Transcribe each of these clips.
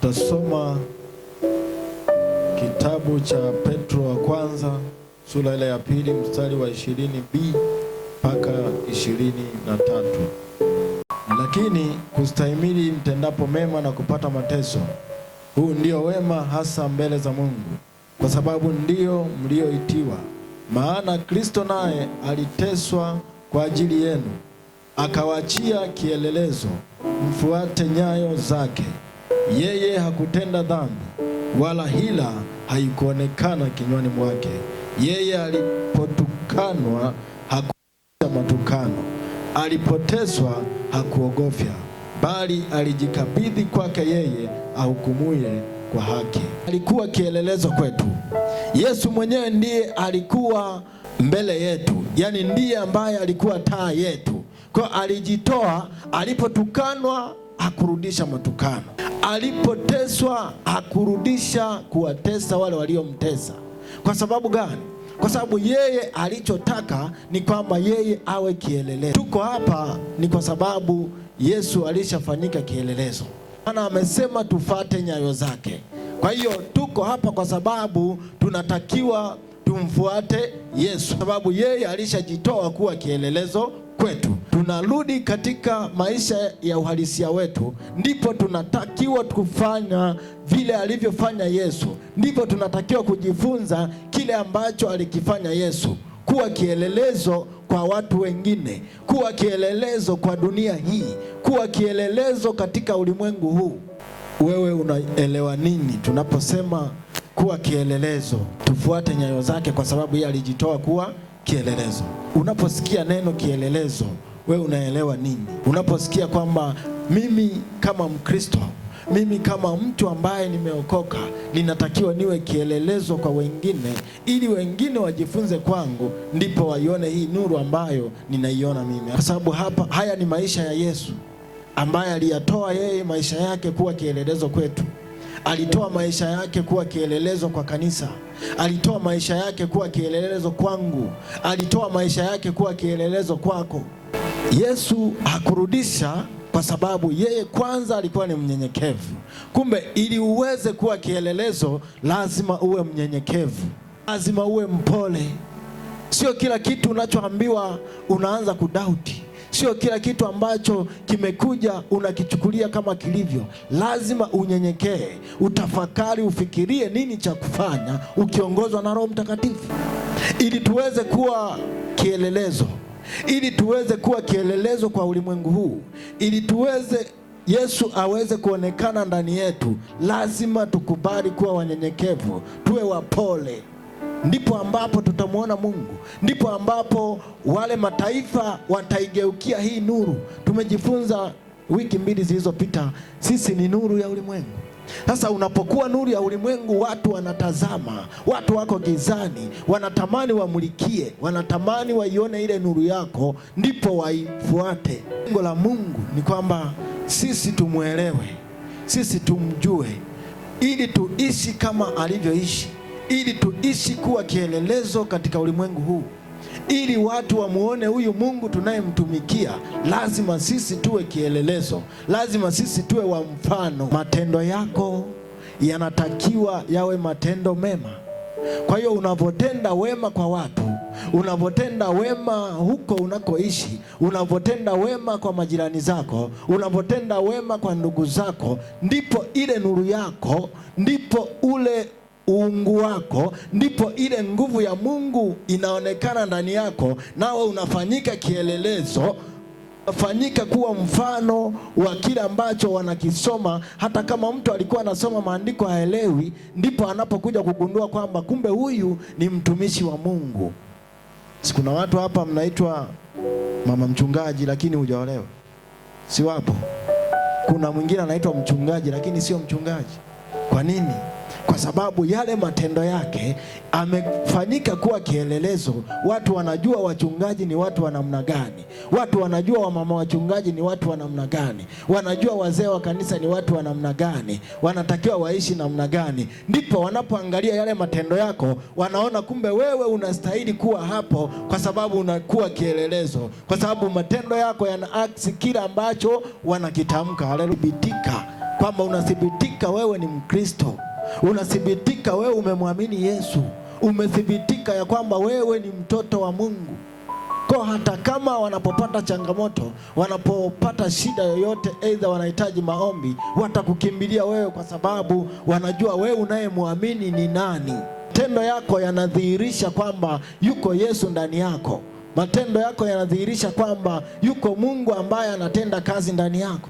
Tutasoma kitabu cha Petro wa kwanza sura ile ya pili mstari wa 20b mpaka 23. Lakini kustahimili mtendapo mema na kupata mateso, huu ndio wema hasa mbele za Mungu, kwa sababu ndio mlioitiwa. Maana Kristo naye aliteswa kwa ajili yenu, akawaachia kielelezo, mfuate nyayo zake. Yeye hakutenda dhambi, wala hila haikuonekana kinywani mwake. Yeye alipotukanwa hakuita matukano, alipoteswa hakuogofya, bali alijikabidhi kwake yeye ahukumuye kwa haki. Alikuwa kielelezo kwetu. Yesu mwenyewe ndiye alikuwa mbele yetu, yaani ndiye ambaye alikuwa taa yetu. Kwa alijitoa alipotukanwa hakurudisha matukano, alipoteswa hakurudisha kuwatesa wale waliomtesa. Kwa sababu gani? Kwa sababu yeye alichotaka ni kwamba yeye awe kielelezo. Tuko hapa ni kwa sababu Yesu alishafanyika kielelezo, maana amesema tufate nyayo zake. Kwa hiyo tuko hapa kwa sababu tunatakiwa tumfuate Yesu, sababu yeye alishajitoa kuwa kielelezo kwetu tunarudi katika maisha ya uhalisia wetu, ndipo tunatakiwa kufanya vile alivyofanya Yesu, ndipo tunatakiwa kujifunza kile ambacho alikifanya Yesu, kuwa kielelezo kwa watu wengine, kuwa kielelezo kwa dunia hii, kuwa kielelezo katika ulimwengu huu. Wewe unaelewa nini tunaposema kuwa kielelezo? Tufuate nyayo zake, kwa sababu yeye alijitoa kuwa kielelezo. Unaposikia neno kielelezo we unaelewa nini unaposikia kwamba mimi kama Mkristo, mimi kama mtu ambaye nimeokoka, ninatakiwa niwe kielelezo kwa wengine, ili wengine wajifunze kwangu, ndipo waione hii nuru ambayo ninaiona mimi, kwa sababu hapa, haya ni maisha ya Yesu ambaye aliyatoa yeye maisha yake kuwa kielelezo kwetu. Alitoa maisha yake kuwa kielelezo kwa kanisa, alitoa maisha yake kuwa kielelezo kwangu, alitoa maisha yake kuwa kielelezo kwako. Yesu hakurudisha kwa sababu yeye kwanza alikuwa ni mnyenyekevu. Kumbe ili uweze kuwa kielelezo, lazima uwe mnyenyekevu, lazima uwe mpole. Sio kila kitu unachoambiwa unaanza kudauti. Sio kila kitu ambacho kimekuja unakichukulia kama kilivyo. Lazima unyenyekee, utafakari, ufikirie nini cha kufanya, ukiongozwa na Roho Mtakatifu, ili tuweze kuwa kielelezo ili tuweze kuwa kielelezo kwa ulimwengu huu, ili tuweze Yesu aweze kuonekana ndani yetu, lazima tukubali kuwa wanyenyekevu, tuwe wapole. Ndipo ambapo tutamwona Mungu, ndipo ambapo wale mataifa wataigeukia hii nuru. Tumejifunza wiki mbili zilizopita, sisi ni nuru ya ulimwengu. Sasa unapokuwa nuru ya ulimwengu, watu wanatazama, watu wako gizani, wanatamani wamulikie, wanatamani waione ile nuru yako, ndipo waifuate. Lengo la Mungu ni kwamba sisi tumwelewe, sisi tumjue, ili tuishi kama alivyoishi, ili tuishi kuwa kielelezo katika ulimwengu huu ili watu wamwone huyu Mungu tunayemtumikia, lazima sisi tuwe kielelezo, lazima sisi tuwe wa mfano. Matendo yako yanatakiwa yawe matendo mema. Kwa hiyo unavotenda wema kwa watu, unavotenda wema huko unakoishi, unavotenda wema kwa majirani zako, unavotenda wema kwa ndugu zako, ndipo ile nuru yako, ndipo ule uungu wako, ndipo ile nguvu ya Mungu inaonekana ndani yako, nawe unafanyika kielelezo fanyika kuwa mfano wa kile ambacho wanakisoma. Hata kama mtu alikuwa anasoma maandiko haelewi, ndipo anapokuja kugundua kwamba kumbe huyu ni mtumishi wa Mungu. Si kuna watu hapa mnaitwa mama mchungaji, lakini hujaolewa? Si wapo? Kuna mwingine anaitwa mchungaji, lakini sio mchungaji. Kwa nini? kwa sababu yale matendo yake amefanyika kuwa kielelezo. Watu wanajua wachungaji ni watu wa namna gani, watu wanajua wamama wachungaji ni watu wa namna gani, wanajua wazee wa kanisa ni watu wa namna gani, wanatakiwa waishi namna gani. Ndipo wanapoangalia yale matendo yako, wanaona kumbe wewe unastahili kuwa hapo, kwa sababu unakuwa kielelezo, kwa sababu matendo yako yana aksi kila ambacho wanakitamka. Haleluya, kwamba unathibitika wewe ni Mkristo unathibitika wewe umemwamini Yesu, umethibitika ya kwamba wewe ni mtoto wa Mungu. Kwa hata kama wanapopata changamoto, wanapopata shida yoyote, aidha wanahitaji maombi, watakukimbilia wewe, kwa sababu wanajua wewe unayemwamini ni nani. Matendo yako yanadhihirisha kwamba yuko Yesu ndani yako. Matendo yako yanadhihirisha kwamba yuko Mungu ambaye anatenda kazi ndani yako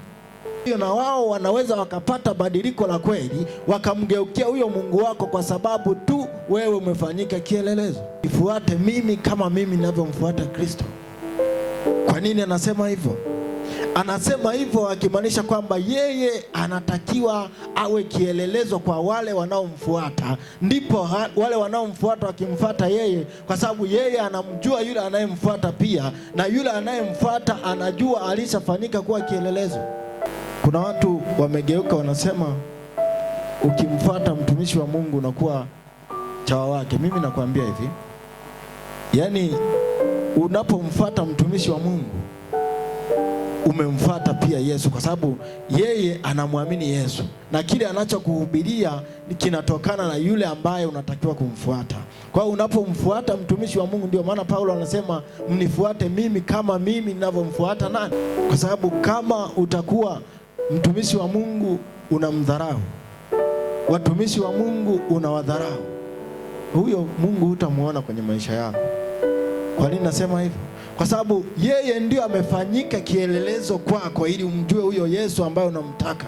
na wao wanaweza wakapata badiliko la kweli, wakamgeukia huyo Mungu wako kwa sababu tu wewe umefanyika kielelezo. Ifuate mimi kama mimi ninavyomfuata Kristo. Kwa nini anasema hivyo? Anasema hivyo akimaanisha kwamba yeye anatakiwa awe kielelezo kwa wale wanaomfuata, ndipo wale wanaomfuata wakimfuata yeye, kwa sababu yeye anamjua yule anayemfuata pia, na yule anayemfuata anajua alishafanyika kuwa kielelezo. Kuna watu wamegeuka wanasema, ukimfuata mtumishi wa Mungu unakuwa chawa wake. Mimi nakwambia hivi, yaani unapomfuata mtumishi wa Mungu umemfuata pia Yesu, kwa sababu yeye anamwamini Yesu na kile anachokuhubiria kinatokana na yule ambaye unatakiwa kumfuata. Kwa hiyo unapomfuata mtumishi wa Mungu, ndio maana Paulo anasema mnifuate mimi kama mimi ninavyomfuata nani, kwa sababu kama utakuwa Mtumishi wa Mungu unamdharau, watumishi wa Mungu unawadharau, huyo Mungu hutamwona kwenye maisha yako. Kwa nini nasema hivyo? Kwa sababu yeye ndio amefanyika kielelezo kwako, ili umjue huyo Yesu ambaye unamtaka.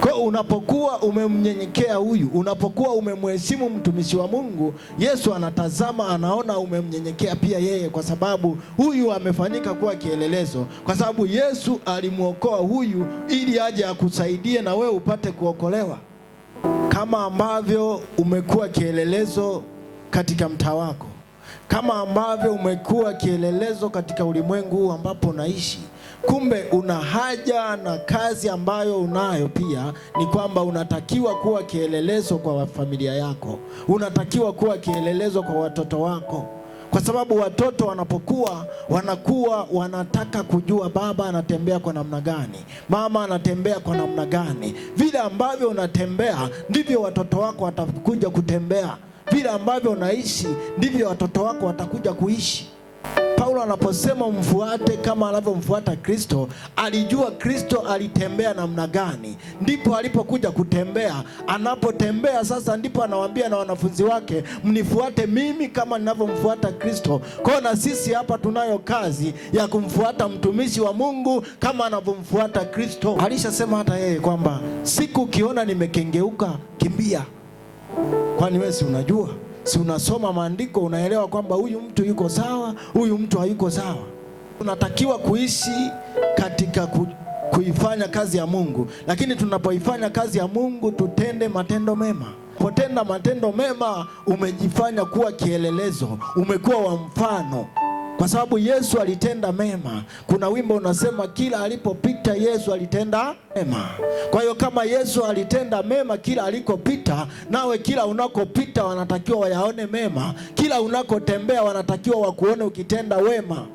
Kwa unapokuwa umemnyenyekea huyu, unapokuwa umemheshimu mtumishi wa Mungu, Yesu anatazama, anaona umemnyenyekea pia yeye, kwa sababu huyu amefanyika kuwa kielelezo, kwa sababu Yesu alimwokoa huyu ili aje akusaidie na wewe upate kuokolewa, kama ambavyo umekuwa kielelezo katika mtaa wako, kama ambavyo umekuwa kielelezo katika ulimwengu ambapo unaishi. Kumbe una haja na kazi ambayo unayo, pia ni kwamba unatakiwa kuwa kielelezo kwa familia yako, unatakiwa kuwa kielelezo kwa watoto wako, kwa sababu watoto wanapokuwa wanakuwa wanataka kujua baba anatembea kwa namna gani, mama anatembea kwa namna gani. Vile ambavyo unatembea ndivyo watoto wako watakuja kutembea, vile ambavyo unaishi ndivyo watoto wako watakuja kuishi. Paulo anaposema mfuate kama anavyomfuata Kristo, alijua Kristo alitembea namna gani, ndipo alipokuja kutembea. Anapotembea sasa, ndipo anawaambia na wanafunzi wake, mnifuate mimi kama ninavyomfuata Kristo. Kwa na sisi hapa tunayo kazi ya kumfuata mtumishi wa Mungu kama anavyomfuata Kristo. Alishasema hata yeye kwamba siku ukiona nimekengeuka, kimbia, kwani wewe si unajua si unasoma maandiko unaelewa kwamba huyu mtu yuko sawa, huyu mtu hayuko sawa. Tunatakiwa kuishi katika ku, kuifanya kazi ya Mungu, lakini tunapoifanya kazi ya Mungu tutende matendo mema. Potenda matendo mema, umejifanya kuwa kielelezo, umekuwa wa mfano kwa sababu Yesu alitenda mema. Kuna wimbo unasema kila alipopita Yesu alitenda mema. Kwa hiyo kama Yesu alitenda mema kila alikopita, nawe kila unakopita wanatakiwa wayaone mema, kila unakotembea wanatakiwa wakuone ukitenda wema.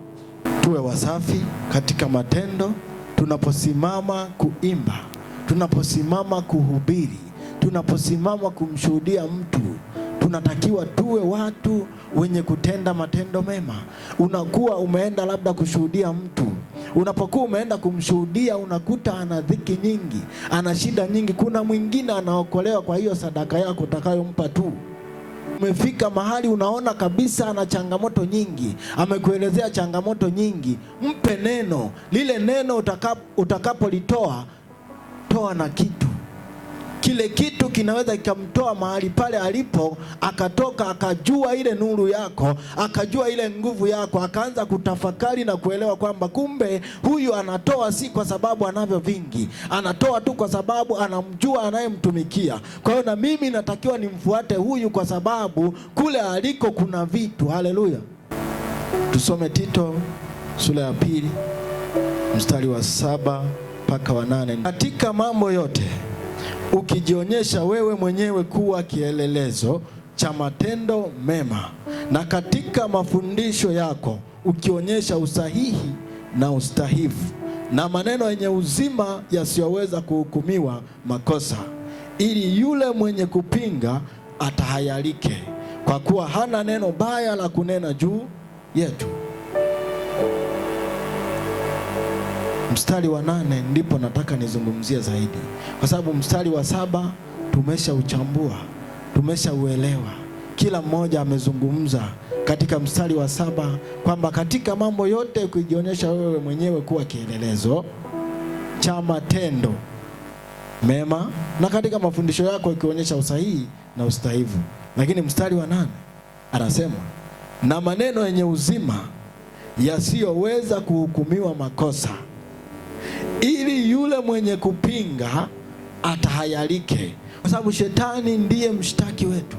Tuwe wasafi katika matendo, tunaposimama kuimba, tunaposimama kuhubiri, tunaposimama kumshuhudia mtu tunatakiwa tuwe watu wenye kutenda matendo mema. Unakuwa umeenda labda kushuhudia mtu, unapokuwa umeenda kumshuhudia unakuta ana dhiki nyingi, ana shida nyingi. Kuna mwingine anaokolewa kwa hiyo sadaka yako utakayompa tu. Umefika mahali unaona kabisa ana changamoto nyingi, amekuelezea changamoto nyingi. Mpe neno lile, neno utakapolitoa, toa na kitu kile kitu kinaweza kikamtoa mahali pale alipo, akatoka akajua ile nuru yako, akajua ile nguvu yako, akaanza kutafakari na kuelewa kwamba kumbe huyu anatoa si kwa sababu anavyo vingi, anatoa tu kwa sababu anamjua anayemtumikia. Kwa hiyo na mimi natakiwa nimfuate huyu kwa sababu kule aliko kuna vitu. Haleluya! Tusome Tito sura ya pili mstari wa saba mpaka wa nane. Katika mambo yote ukijionyesha wewe mwenyewe kuwa kielelezo cha matendo mema, na katika mafundisho yako ukionyesha usahihi na ustahifu na maneno yenye uzima yasiyoweza kuhukumiwa makosa, ili yule mwenye kupinga atahayalike kwa kuwa hana neno baya la kunena juu yetu. Mstari wa nane ndipo nataka nizungumzie zaidi, kwa sababu mstari wa saba tumeshauchambua, tumeshauelewa. Kila mmoja amezungumza katika mstari wa saba kwamba katika mambo yote kujionyesha wewe mwenyewe kuwa kielelezo cha matendo mema na katika mafundisho yako ikionyesha usahihi na ustahivu. Lakini mstari wa nane anasema na maneno yenye uzima yasiyoweza kuhukumiwa makosa ili yule mwenye kupinga atahayarike, kwa sababu shetani ndiye mshtaki wetu.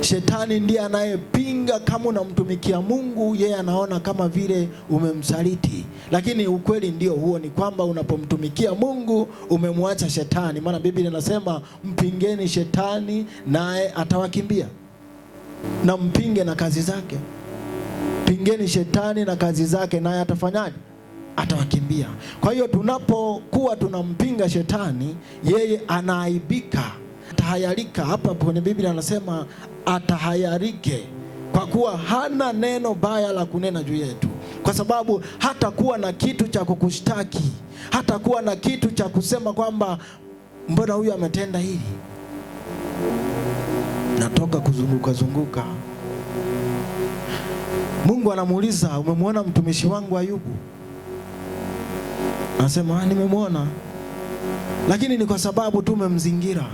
Shetani ndiye anayepinga. Kama unamtumikia Mungu, yeye anaona kama vile umemsaliti, lakini ukweli ndio huo, ni kwamba unapomtumikia Mungu umemwacha shetani, maana Biblia inasema mpingeni shetani naye atawakimbia, na mpinge na kazi zake. Pingeni shetani na kazi zake, naye atafanyaje? atawakimbia. Kwa hiyo tunapokuwa tunampinga shetani, yeye anaaibika, atahayarika. Hapa kwenye Biblia anasema atahayarike, kwa kuwa hana neno baya la kunena juu yetu, kwa sababu hatakuwa na kitu cha kukushtaki, hatakuwa na kitu cha kusema kwamba mbona huyu ametenda hili. Natoka kuzunguka zunguka Mungu anamuuliza umemwona mtumishi wangu Ayubu? Anasema ah, nimemwona, lakini ni kwa sababu tu umemzingira.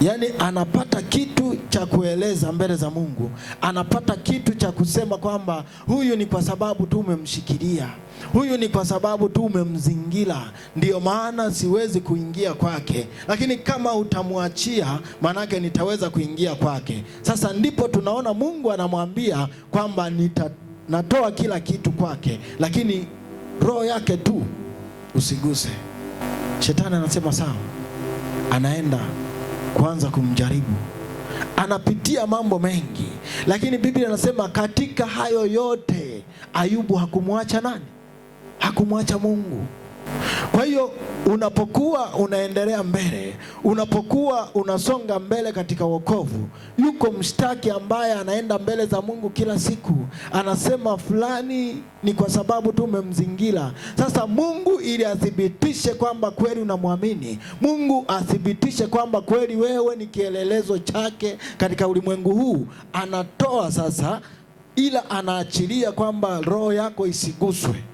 Yaani anapata kitu cha kueleza mbele za Mungu, anapata kitu cha kusema kwamba huyu ni kwa sababu tu umemshikilia, huyu ni kwa sababu tu umemzingira, ndiyo maana siwezi kuingia kwake, lakini kama utamwachia, maanake nitaweza kuingia kwake. Sasa ndipo tunaona Mungu anamwambia kwamba nitat natoa kila kitu kwake, lakini roho yake tu usiguse. Shetani anasema sawa, anaenda kuanza kumjaribu, anapitia mambo mengi, lakini Biblia anasema katika hayo yote Ayubu hakumwacha nani? Hakumwacha Mungu. Kwa hiyo unapokuwa unaendelea mbele, unapokuwa unasonga mbele katika wokovu, yuko mshtaki ambaye anaenda mbele za Mungu kila siku, anasema fulani ni kwa sababu tu umemzingira. Sasa Mungu ili athibitishe kwamba kweli unamwamini Mungu, athibitishe kwamba kweli wewe ni kielelezo chake katika ulimwengu huu, anatoa sasa, ila anaachilia kwamba roho yako isiguswe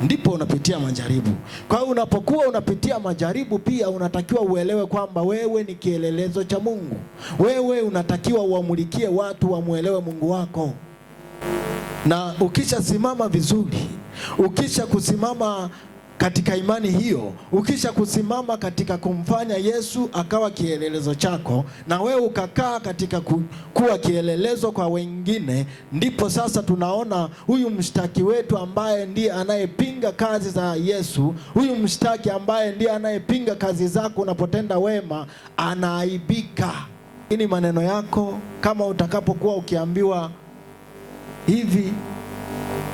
ndipo unapitia majaribu. Kwa hiyo unapokuwa unapitia majaribu, pia unatakiwa uelewe kwamba wewe ni kielelezo cha Mungu. Wewe unatakiwa uamulikie watu wamwelewe Mungu wako, na ukishasimama vizuri, ukisha kusimama katika imani hiyo, ukisha kusimama katika kumfanya Yesu akawa kielelezo chako na wewe ukakaa katika ku, kuwa kielelezo kwa wengine, ndipo sasa tunaona huyu mshtaki wetu ambaye ndiye anayepinga kazi za Yesu, huyu mshtaki ambaye ndiye anayepinga kazi zako unapotenda wema, anaaibika. Hii ni maneno yako, kama utakapokuwa ukiambiwa hivi,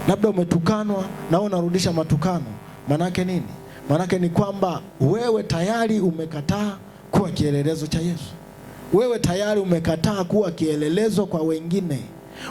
labda umetukanwa na unarudisha matukano Manake nini? Manake ni kwamba wewe tayari umekataa kuwa kielelezo cha Yesu. Wewe tayari umekataa kuwa kielelezo kwa wengine,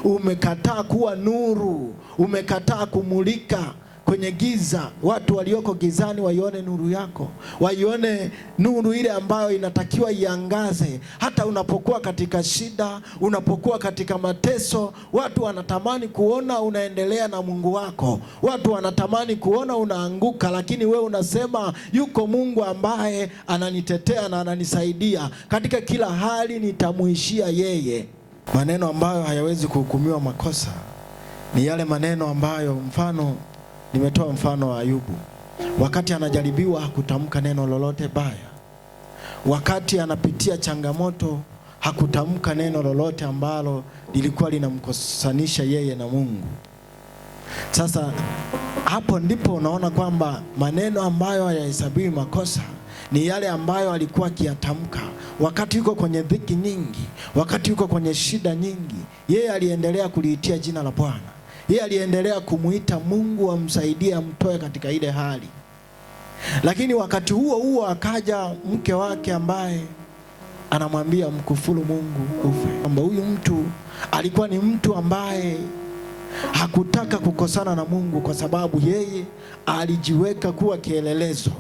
umekataa kuwa nuru, umekataa kumulika kwenye giza, watu walioko gizani waione nuru yako, waione nuru ile ambayo inatakiwa iangaze. Hata unapokuwa katika shida, unapokuwa katika mateso, watu wanatamani kuona unaendelea na Mungu wako, watu wanatamani kuona unaanguka, lakini we unasema yuko Mungu ambaye ananitetea na ananisaidia katika kila hali, nitamuishia yeye. Maneno ambayo hayawezi kuhukumiwa makosa ni yale maneno ambayo mfano Nimetoa mfano wa Ayubu, wakati anajaribiwa hakutamka neno lolote baya, wakati anapitia changamoto hakutamka neno lolote ambalo lilikuwa linamkosanisha yeye na Mungu. Sasa hapo ndipo unaona kwamba maneno ambayo hayahesabiwi makosa ni yale ambayo alikuwa akiyatamka wakati yuko kwenye dhiki nyingi, wakati yuko kwenye shida nyingi, yeye aliendelea kuliitia jina la Bwana. Yeye aliendelea kumwita Mungu amsaidie, amtoe katika ile hali. Lakini wakati huo huo akaja mke wake ambaye anamwambia mkufuru Mungu ufe, kwamba huyu mtu alikuwa ni mtu ambaye hakutaka kukosana na Mungu kwa sababu yeye alijiweka kuwa kielelezo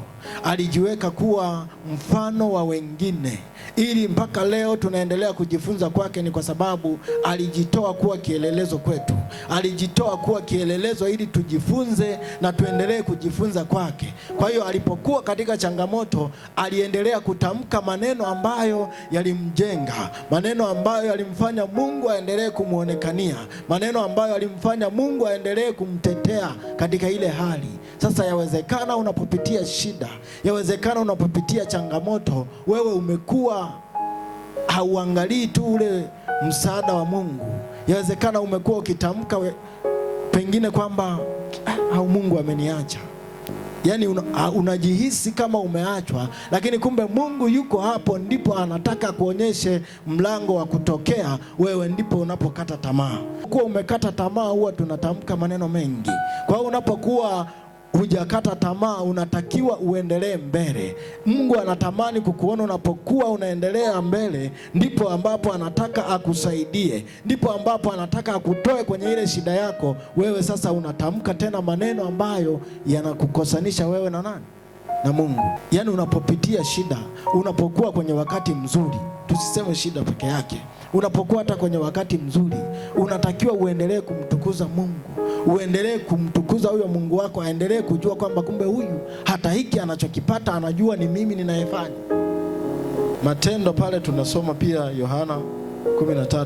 alijiweka kuwa mfano wa wengine, ili mpaka leo tunaendelea kujifunza kwake. Ni kwa sababu alijitoa kuwa kielelezo kwetu, alijitoa kuwa kielelezo ili tujifunze na tuendelee kujifunza kwake. Kwa hiyo alipokuwa katika changamoto, aliendelea kutamka maneno ambayo yalimjenga, maneno ambayo yalimfanya Mungu aendelee kumwonekania, maneno ambayo alimfanya Mungu aendelee kumtetea katika ile hali. Sasa yawezekana unapopitia shida Yawezekana unapopitia changamoto, wewe umekuwa hauangalii tu ule msaada wa Mungu. Yawezekana umekuwa ukitamka pengine kwamba ah, au Mungu ameniacha, yaani una, unajihisi kama umeachwa, lakini kumbe Mungu yuko hapo, ndipo anataka kuonyeshe mlango wa kutokea. Wewe ndipo unapokata tamaa. Kuwa umekata tamaa, huwa tunatamka maneno mengi. Kwa hiyo unapokuwa hujakata tamaa, unatakiwa uendelee mbele. Mungu anatamani kukuona unapokuwa unaendelea mbele, ndipo ambapo anataka akusaidie, ndipo ambapo anataka akutoe kwenye ile shida yako. Wewe sasa unatamka tena maneno ambayo yanakukosanisha wewe na nani? Na Mungu. Yaani, unapopitia shida, unapokuwa kwenye wakati mzuri, tusiseme shida peke yake, unapokuwa hata kwenye wakati mzuri, unatakiwa uendelee kumtukuza Mungu uendelee kumtukuza huyo Mungu wako, aendelee kujua kwamba kumbe huyu hata hiki anachokipata anajua ni mimi ninayefanya matendo. Pale tunasoma pia Yohana 13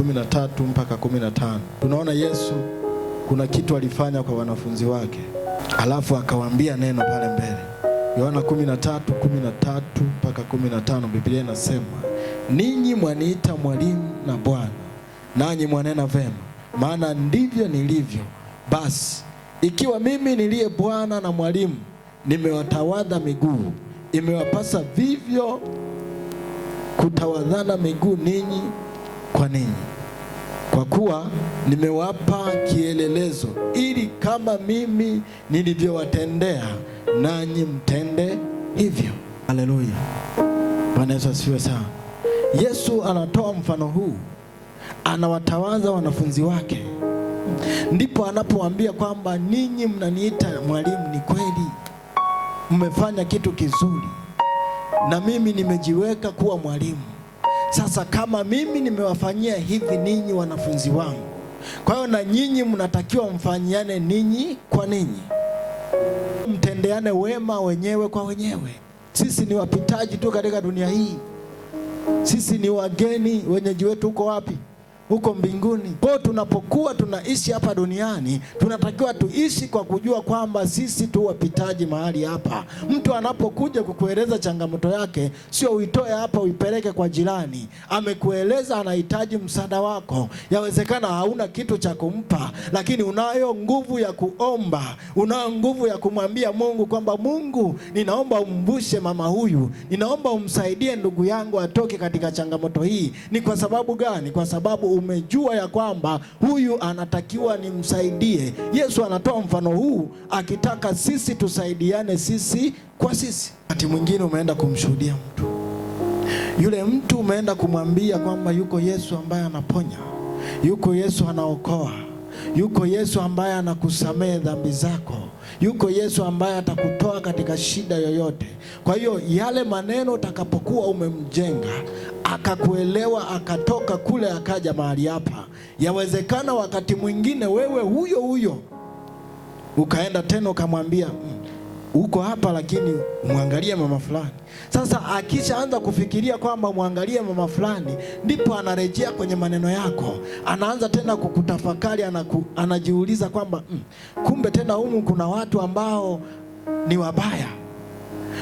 13 mpaka 15, tunaona Yesu kuna kitu alifanya kwa wanafunzi wake, alafu akawaambia neno pale mbele. Yohana 13 13 mpaka 15, Biblia inasema ninyi mwaniita mwalimu na Bwana, nanyi mwanena vema maana ndivyo nilivyo. Basi ikiwa mimi niliye bwana na mwalimu nimewatawadha miguu, imewapasa vivyo kutawadhana miguu ninyi kwa ninyi. Kwa kuwa nimewapa kielelezo, ili kama mimi nilivyowatendea nanyi mtende hivyo. Haleluya, Bwana Yesu asifiwe sana. Yesu anatoa mfano huu anawatawaza wanafunzi wake, ndipo anapoambia kwamba ninyi mnaniita mwalimu, ni kweli mmefanya kitu kizuri, na mimi nimejiweka kuwa mwalimu. Sasa kama mimi nimewafanyia hivi ninyi wanafunzi wangu, kwa hiyo na nyinyi mnatakiwa mfanyiane ninyi kwa ninyi, mtendeane wema wenyewe kwa wenyewe. Sisi ni wapitaji tu katika dunia hii. Sisi ni wageni, wenyeji wetu uko wapi? huko mbinguni. Kwa tunapokuwa tunaishi hapa duniani, tunatakiwa tuishi kwa kujua kwamba sisi tu wapitaji mahali hapa. Mtu anapokuja kukueleza changamoto yake, sio uitoe hapa uipeleke kwa jirani. Amekueleza anahitaji msaada wako, yawezekana hauna kitu cha kumpa, lakini unayo nguvu ya kuomba, unayo nguvu ya kumwambia Mungu kwamba Mungu, ninaomba umvushe mama huyu, ninaomba umsaidie ndugu yangu atoke katika changamoto hii. Ni kwa sababu gani? Kwa sababu umejua ya kwamba huyu anatakiwa nimsaidie. Yesu anatoa mfano huu akitaka sisi tusaidiane sisi kwa sisi. Wakati mwingine umeenda kumshuhudia mtu, yule mtu umeenda kumwambia kwamba yuko Yesu ambaye anaponya, yuko Yesu anaokoa, yuko Yesu ambaye anakusamehe dhambi zako yuko Yesu ambaye atakutoa katika shida yoyote. Kwa hiyo yale maneno utakapokuwa umemjenga akakuelewa, akatoka kule, akaja mahali hapa. Yawezekana wakati mwingine wewe huyo huyo ukaenda tena ukamwambia mm, uko hapa lakini mwangalie mama fulani. Sasa akishaanza kufikiria kwamba mwangalie mama fulani, ndipo anarejea kwenye maneno yako, anaanza tena kukutafakari, anaku, anajiuliza kwamba mm, kumbe tena humu kuna watu ambao ni wabaya.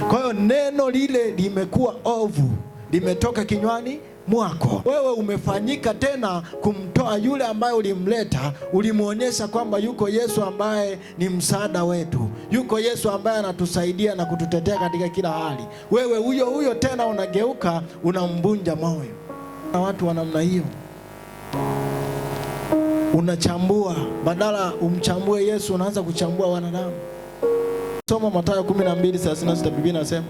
Kwa hiyo neno lile limekuwa ovu limetoka kinywani mwako. Wewe umefanyika tena kumtoa yule ambaye ulimleta, ulimwonyesha kwamba yuko Yesu ambaye ni msaada wetu, yuko Yesu ambaye anatusaidia na kututetea katika kila hali. Wewe huyo huyo tena unageuka, unambunja moyo. Na watu wa namna hiyo unachambua, badala umchambue Yesu, unaanza kuchambua wanadamu. Soma Mathayo 12:36 Biblia inasema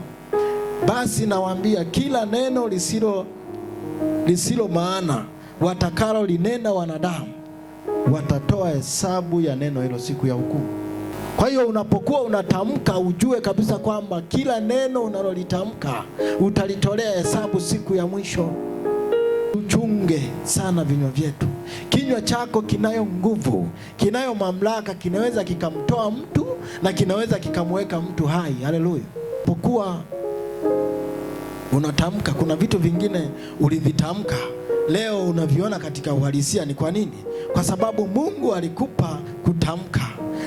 basi nawaambia kila neno lisilo, lisilo maana watakalo linena wanadamu watatoa hesabu ya neno hilo siku ya hukumu. Kwa hiyo unapokuwa unatamka ujue kabisa kwamba kila neno unalolitamka utalitolea hesabu siku ya mwisho. Tuchunge sana vinywa vyetu. Kinywa chako kinayo nguvu, kinayo mamlaka, kinaweza kikamtoa mtu na kinaweza kikamweka mtu hai. Haleluya! pokuwa unatamka. Kuna vitu vingine ulivitamka leo unaviona katika uhalisia. Ni kwa nini? Kwa sababu Mungu alikupa kutamka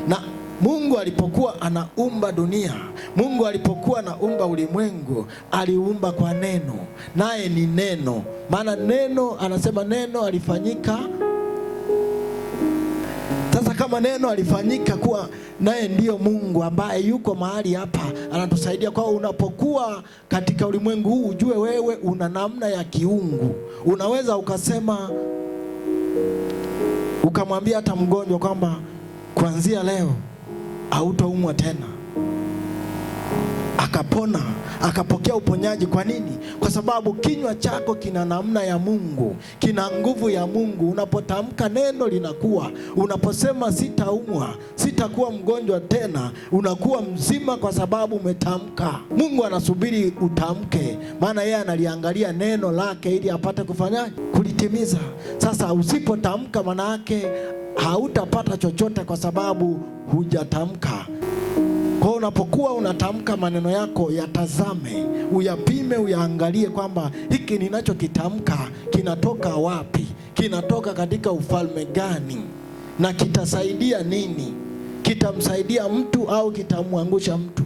na Mungu alipokuwa anaumba dunia, Mungu alipokuwa anaumba ulimwengu, aliumba kwa neno, naye ni neno. Maana neno anasema neno alifanyika kama neno alifanyika kuwa naye ndiyo Mungu ambaye yuko mahali hapa anatusaidia. Kwa unapokuwa katika ulimwengu huu, ujue wewe una namna ya kiungu. Unaweza ukasema ukamwambia hata mgonjwa kwamba kuanzia leo hautaumwa tena akapona akapokea uponyaji. Kwa nini? Kwa sababu kinywa chako kina namna ya Mungu, kina nguvu ya Mungu. Unapotamka neno linakuwa, unaposema sitaumwa, sitakuwa mgonjwa tena, unakuwa mzima kwa sababu umetamka. Mungu anasubiri utamke, maana yeye analiangalia neno lake ili apate kufanya kulitimiza. Sasa usipotamka, maana yake hautapata chochote kwa sababu hujatamka. Kwa hiyo unapokuwa unatamka maneno yako, yatazame, uyapime, uyaangalie kwamba hiki ninachokitamka kinatoka wapi, kinatoka katika ufalme gani, na kitasaidia nini, kitamsaidia mtu au kitamwangusha mtu.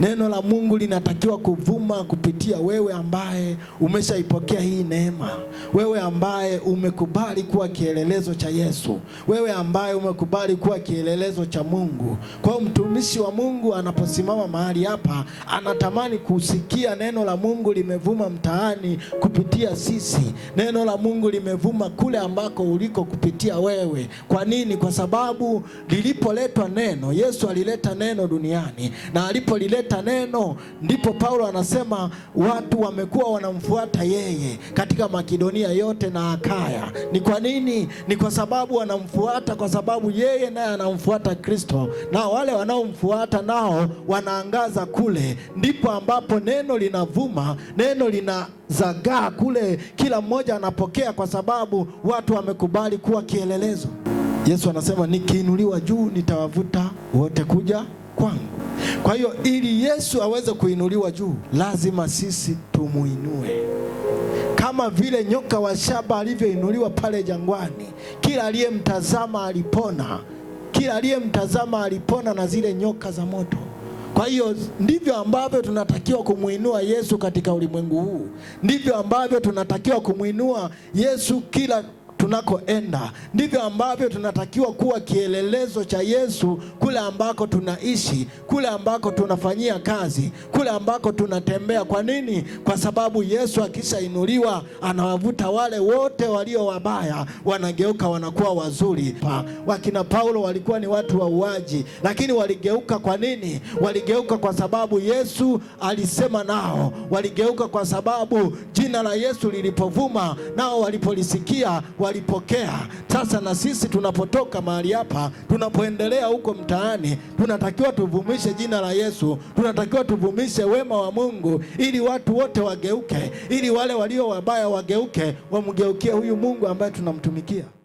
Neno la Mungu linatakiwa kuvuma kupitia wewe ambaye umeshaipokea hii neema, wewe ambaye umekubali kuwa kielelezo cha Yesu, wewe ambaye umekubali kuwa kielelezo cha Mungu. Kwa hiyo mtumishi wa Mungu anaposimama mahali hapa, anatamani kusikia neno la Mungu limevuma mtaani kupitia sisi, neno la Mungu limevuma kule ambako uliko kupitia wewe. Kwa nini? Kwa sababu lilipoletwa neno, Yesu alileta neno duniani na alipo kulileta neno, ndipo Paulo anasema watu wamekuwa wanamfuata yeye katika Makedonia yote na Akaya. Ni kwa nini? Ni kwa sababu wanamfuata, kwa sababu yeye naye anamfuata Kristo, na wale wanaomfuata nao wanaangaza kule, ndipo ambapo neno linavuma, neno lina zagaa kule, kila mmoja anapokea, kwa sababu watu wamekubali kuwa kielelezo. Yesu anasema nikiinuliwa juu nitawavuta wote kuja kwangu. Kwa hiyo ili Yesu aweze kuinuliwa juu, lazima sisi tumuinue kama vile nyoka wa shaba alivyoinuliwa pale jangwani. Kila aliyemtazama alipona, kila aliyemtazama alipona na zile nyoka za moto. Kwa hiyo ndivyo ambavyo tunatakiwa kumwinua Yesu katika ulimwengu huu, ndivyo ambavyo tunatakiwa kumwinua Yesu kila tunakoenda, ndivyo ambavyo tunatakiwa kuwa kielelezo cha Yesu kule ambako tunaishi, kule ambako tunafanyia kazi, kule ambako tunatembea. Kwa nini? Kwa sababu Yesu akishainuliwa anawavuta wale wote walio wabaya, wanageuka wanakuwa wazuri. Pa, wakina Paulo walikuwa ni watu wa uaji lakini waligeuka. Kwa nini waligeuka? Kwa sababu Yesu alisema nao. Waligeuka kwa sababu jina la Yesu lilipovuma, nao walipolisikia walipokea. Sasa na sisi tunapotoka mahali hapa, tunapoendelea huko mtaani, tunatakiwa tuvumishe jina la Yesu, tunatakiwa tuvumishe wema wa Mungu ili watu wote wageuke, ili wale walio wabaya wageuke, wamgeukie huyu Mungu ambaye tunamtumikia.